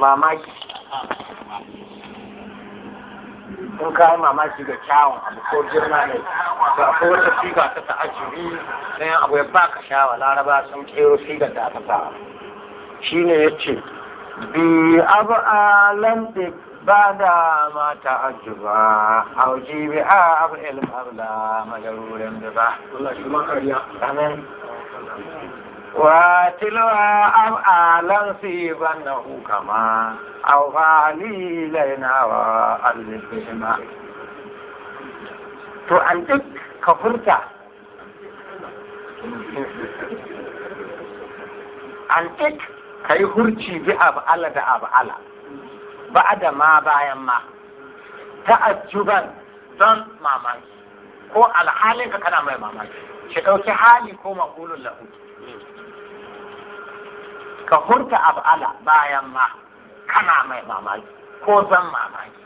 mamaki ka yi mamaki da kyawun abu ko girma ne to akwai wata siga ta ta'ajiri na yan abu ya ba ka shawa laraba sun kero siga da aka sa shi ne ya ce bi abu alantik ba da ma a wuce bi a abu ilm abu da majarurin da ba Wa أفعالا سيبنه كما أوفى لي لنا وألف بهما to an duk ka furta an duk ka yi hurci bi ab'ala da ab'ala ba da ma bayan ma ta'ajjuban don mamaki ko alhalin ka kana mai mamaki shi dauki hali ko makulun lahu ka furta af'ala bayan ma kana mai mamaki ko zan mamaki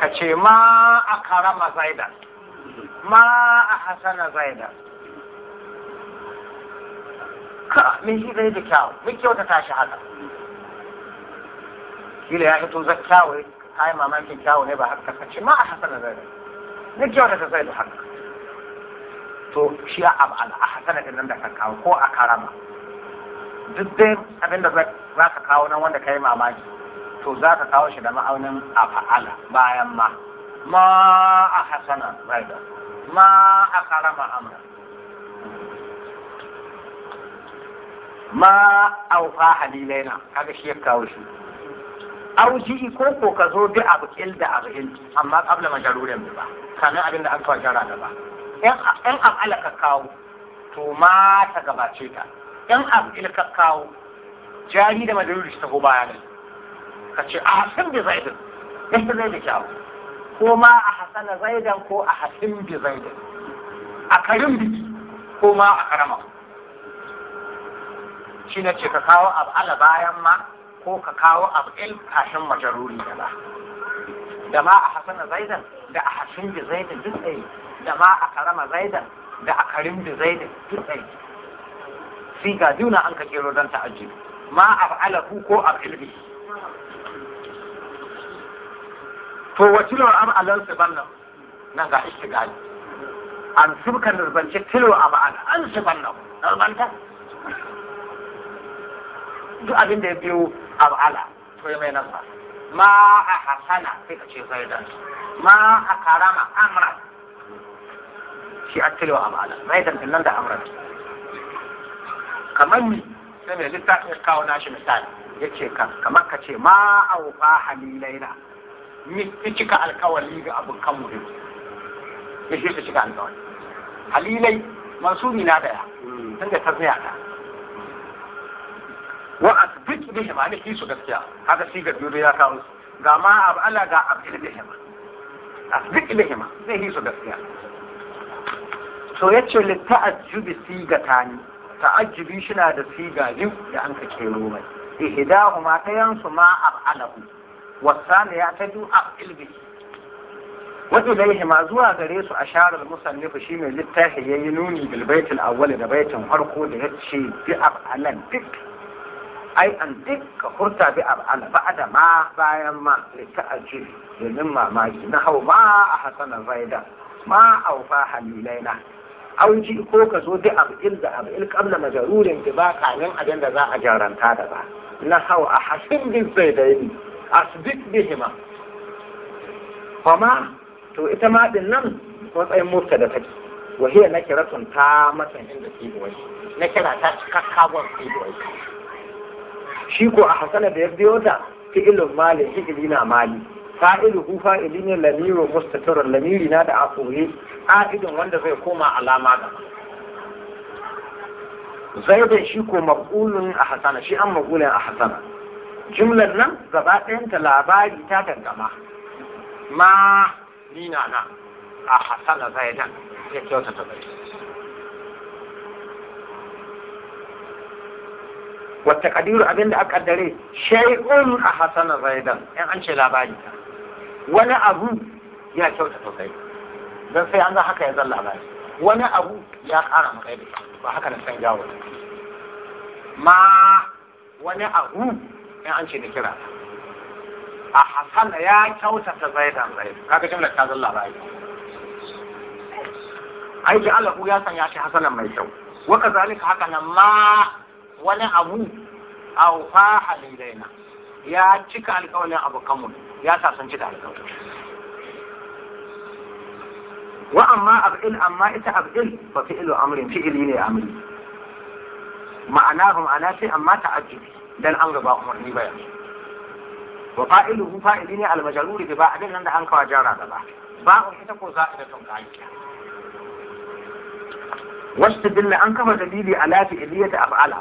ka ce ma a karama zaidan ma a hasana zaidan ka min shi zai da kyawu min kyau ta shi haka kila ya fito zai kyawu yi mamakin kyawu ne ba haka ka ce ma a hasana zaidan min kyau ta zai da haka to shi a hasana din nan da ka kawo ko a karama duk dai abin da za ka kawo nan wanda ka yi mamaki to za ka kawo shi da ma'aunin a fa'ala bayan ma ma a hasana raida ma a karama amra ma a halilai na kaga shi ya kawo shi auji ko ko ka zo duk abu da abu amma ƙabla majarurin ba kamin abin da aka jara da ba in af'ala ka kawo to ma ta gabace ta in af'il ka kawo jari da madaruri ta go baya ne ka ce a hasin bi Zaidan, in ta zai da kyawu ko ma a hasana zaidan ko a hasin bi zaidan a karin biki ko ma a karama shi na ce ka kawo af'ala bayan ma ko ka kawo af'il kashin majaruri da ba da ma a hasana zaidan da a hasin bi zaidan duk tsaye da ma a karama zaidan da a karim bi zaidan duk tsaye sai ga juna an ka kero don ta'ajjud ma af'alahu ko filbi to wakilar an su bannan nan ga istigali an subka nurbance tilo ma'ana an su bannan nurbanta duk abin da ya biyo ma'ala to ya mai nasa ma a hasana sai ka ce zaidan ma a karama amran shi a tilo a ma'ana mai din nan da amran kamar ni sai mai littafin ya kawo nashi misali ya ce ka kamar ka ce ma a wufa halilaina ni cika alkawali ga kan mu ya shi su cika alkawali halilai mansuri na daya tun da ta tsaya ta wa asbit bihim an ki su gaskiya haka shi ga biyu ya kawo su ga ma abu ala ga asbit bihim asbit bihim zai yi su gaskiya so yace li ta'ajjubi siga tani ta'ajjubi shi na da siga biyu da an ka kero mai ihdahuma tayan ma abalahu wasani ya tadu asbit bihim وإليه ما زوا shi أشار littafi ya yi nuni ينوني بالبيت الأول ده بيت فرقو ده يتشي bi على الفكر ai an dukka furta bi al ba'da ma bayan ma ka aji domin mamaki na hau ma a hasana zaida ma aufa halilaina ji ko ka zo da abil da abil kamla majarurin da ba kanin abin da za a jaranta da ba na hau a hasin bi zaidaini asdik bihima Kuma to ita ma din nan matsayin murta da take wahiyar na kiratun ta matan inda ke na kira ta cikakka gwan shi ko a hasana da ya biyo ta fi'ilun mali fi'ili na mali fa'iluhu fa'ilin ne lamiru mustatirun lamiri na da afuri ƙa'idin wanda zai koma alama ga zaidun shi ko maqulun a hasana shi an maqulun a hasana jumlar nan gaba ɗayanta labari ta dangama ma nina na a hasana zaidan ya ta bai wata kadiru abinda aka kaddare shay'un a hasana zaidan in an ce labari wani abu ya kyauta sosai don sai an ga haka ya zan labari wani abu ya kara makai da ba haka na san jawo ma wani abu in an ce da kira a hasana ya kyauta ta zaidan zaidan kaga jimlar ta zan labari aiki alahu ya sanya shi hasanan mai kyau wa kazalika haka nan ma wani abu a fa halilaina ya cika alƙawarin abokanmu ya sasanci da alkawalin alƙawarin wa amma ab'il amma ita ab'il fa fi'lu amrin fi'li ne amri ma'anahu ma'ana sai amma ta'ajjubi dan an gaba umarni bayan wa hu, fa'ili ne al-majrur bi ba'din nan da an kawa jara da ba Ba ba'un ita ko za'idatun ka aiki wasu dilla an kafa dalili ala fi'liyati af'ala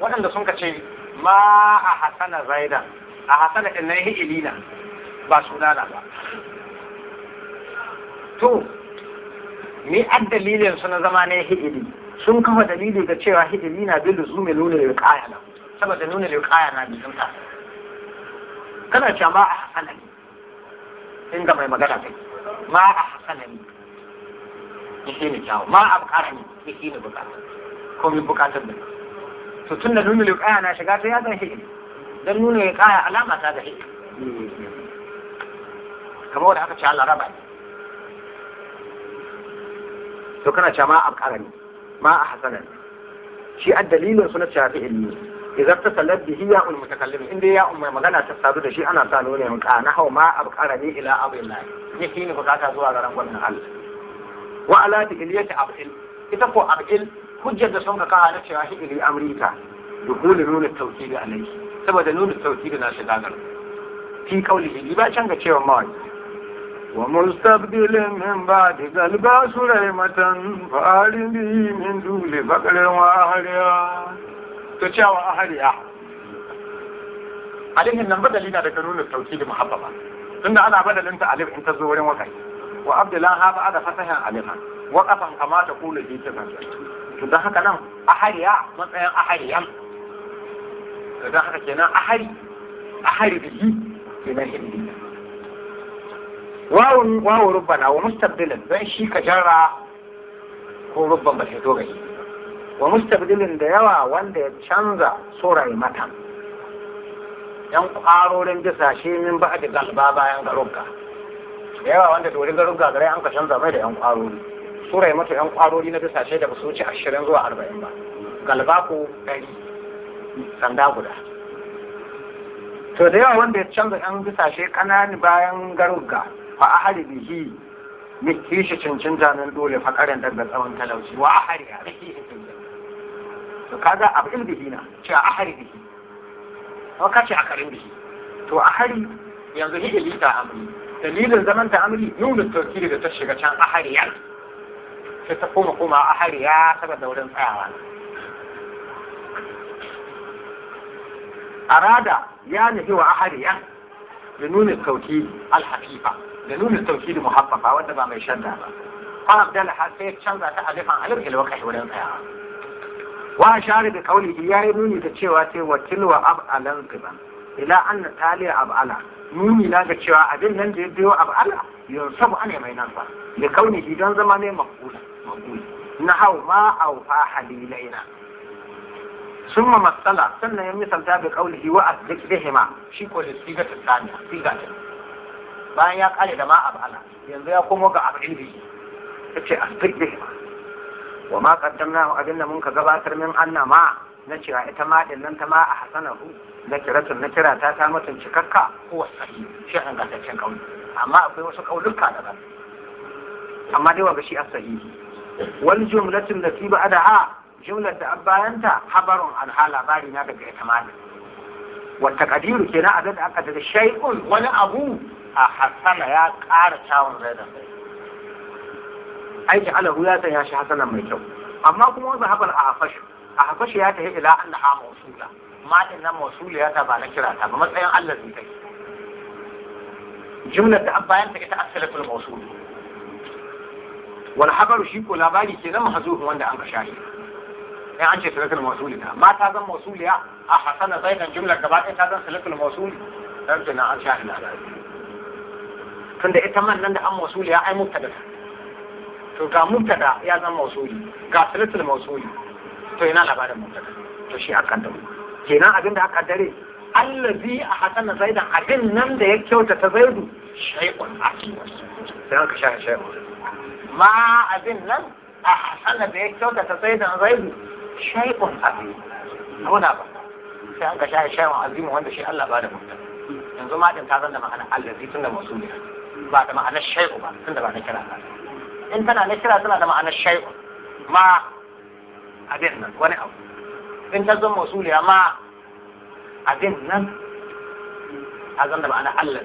waɗanda sun ka ce ma a hasana zaidan a hasana ɗin na yi na ba sunana ba to ni ad dalilin su na zama na hidili sun kafa dalili ga cewa hidili na bin zume nuna liqaya na saboda nuna liqaya na bi ta. kana cewa ma a hasanani in ga mai magana kai ma a hasanani yake ne kyawu ma a bukata ne yake ne bukata ko mi bukatar da to tun da nuna liƙaya na shiga to ya zan hikima don nuna liƙaya alama ta ga hikima kamar wanda aka ce Allah raba ne to kana ce ma abqarani ma a hasanan shi a dalilin suna cewa fi ilmi idan ta salar da hiya ul mutakallim inda ya umma magana ta sadu da shi ana sa nuna mun kana hau ma abqarani ila abillahi yake ne bukata zuwa ga rangon Allah wa ala ta iliyati abqil ita ko abqil hujjar da sun ka kawo na cewa shi ili amrita dukuli nuna tauhidi alai saboda nuna tauhidi na shiga gar fi kaulihi ba can ga cewa mawaki wa mustabdilin min ba da galba su rai matan fa'arin biyi min dule bakarin wa ahariya to cewa ahariya alihin nan badali na daga nuna tauhidi muhabba ba tunda ana badalin ta alif in ta zo wurin wakai wa abdullahi ha ba da fasahin alifa wa kafan kamata kula bi ta to don haka nan ahariya matsayin ahariyan to don haka kenan ahari ahari bihi kenan hindi wawon rubba na wa mustabdilin don shi ka jarra ko rubban ba shi to gashi wa mustabdilin da yawa wanda ya canza tsoraye mata yan kwarorin shi min ba da galba bayan garunka da yawa wanda dorin garunka gare an ka canza mai da yan kwarorin. sura ya mata yan kwarori na bisashe da ba su wuce ashirin zuwa arba'in ba ku ɗari sanda guda to da yawa wanda ya canza yan bisashe ƙanani bayan garuga fa a hari bihi miki shi cincin janar dole fa ƙarin daga tsawon talauci wa a hari a miki shi cincin to kaga abin bihi na ce a hari bihi ko ka ce a karin bihi to a hari yanzu hijili ta amri dalilin zaman ta amri nuna tauki da ta shiga can a hari yanzu sai ta koma koma a saba saboda wurin tsayawa arada ya nufi wa ahariya da nuna sauki alhafifa da nuna sauki da muhaffafa wanda ba mai shanda ba kwan abdal har sai canza ta alifan alif ilwa kai wurin tsayawa wa shari da kauli ya yi nuni da cewa sai wa tilwa ab'alan alan ila na taliya ab ab'ala. nuni na ga cewa abin nan da ya biyo ab ala sabu ana mai nan ba da kauni don zama ne maqbula nahau ma auha halilaina ثم مثل سنة يمثل ذا بقوله وأصدق بهما شي كل الصيغة الثانية صيغة bayan ya kare da ma abala yanzu ya komo ga abu ilmi yace asdik bihima wa ma qaddamnahu abinda mun ka gabatar min anna ma na cewa ita ma din nan ta ma a hasanahu na kiratun na kira ta ta mutun cikakka ko wasahi shi an gantaccen kauli amma akwai wasu kauluka daban amma dai ga shi asahihi Wani jumlatin da fi ba'daha jumlar da bayanta habarun an labari na daga ita ma wa taqdiru kenan abin da aka daga shay'un wani abu a Hassana ya ƙara kyawun zaidan aiki alahu ya sanya shi Hassana mai kyau amma kuma wanda haɓar a hafashu a hafashu ya tafi ila an ha mausula ma din nan mausula ya ta ba na kira ta ba matsayin allah zai kai jumlar da an bayan ta ita asalatul mausula Wani habaru shi ko labari zama mahzufun wanda an kashe shi an ce salatul masuli na ma ta zan masuliya a hasana zai jumlar gaba ɗaya ta zan salatul ɗan dan na an shahi labari tunda ita man nan da an masuliya ai mubtada to ga mubtada ya zan masuli ga salatul masuli to yana labarin mubtada to shi akan da kenan abinda aka dare allazi a hasana zaida abin nan da ya kyautata zaidu shaikun aki sai aka sha shaikun ma abin nan a hasana da ya kyautata zaidan zaidu shaikun abi nuna ba sai an ka sha shaikun azimu wanda shi Allah ba da mutum yanzu ma din ta zanda ma'ana allazi tunda masu ne ba da ma'anar shaiku ba tunda ba na kira ba in tana na kira tana da ma'anar shaiku ma abin nan wani abu in ta zama masuliya ma abin nan a zanna ma'ana Allah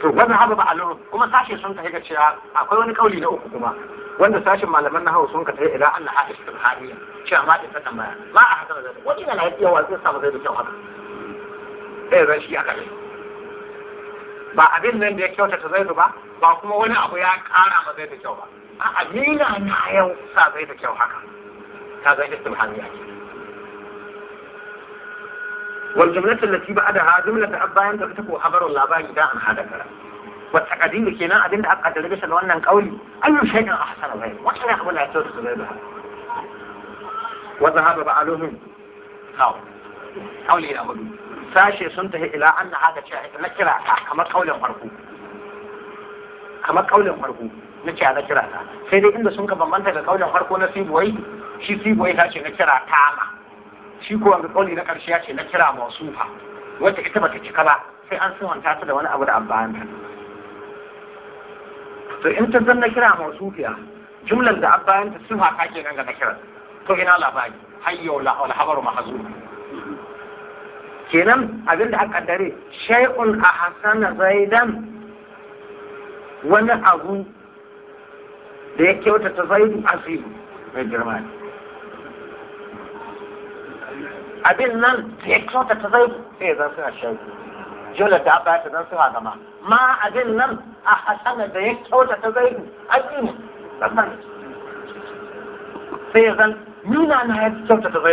to wannan abu ba alurun kuma sashe sun ta ga cewa akwai wani kauli na uku kuma wanda sashen malaman nahawu sun ka tafi idan Allah ha istimhariya cewa ma ta tambaya ma a haka zai wani na lafiya wa zai samu zai da kyau haka eh ran shi aka ba abin nan da ya kyautata zai ba ba kuma wani abu ya kara ma zai da kyau ba a'a ni na yau sa zai da kyau haka هذا اسم حال والجملة التي بعدها جملة أبا أنت بتكو خبر الله باي دا عن هذا الكلام والتقديم كنا أدين أبقى تلبس لو أنن قولي أي شيء أحسن غيره وكان يقبل أعتوت غيرها وذهب بعلوهم خاو نعم. قولي إلى أبو فاشي سنته إلى أن هذا na haka na kira ka kamar kaulin farko kamar na ce na kira ta sai dai inda sun ka bambanta da kaulin farko na sibuwai shi sibuwai ta ce na kira tama shi kuwa ga kauli na karshe ya ce na kira masufa wacce ita bata cika ba sai an siwanta ta da wani abu da abbanta to in ta na kira masufiya jumlar da abbayanta sifa ta ke nan ga na kira to ina labari hayyo alhabaru mahazu kenan abin da aka dare shay'un ahsana zaidan wani abu da ya kyauta ta zaidu asiru mai girma ne abin nan da ya kyauta ta zaidu sai ya zan a shaidu jola ta ba ta zan a gama ma abin nan a hasana da ya kyauta ta zaidu asiru zan sai ya zan nuna na ya kyautata zaidu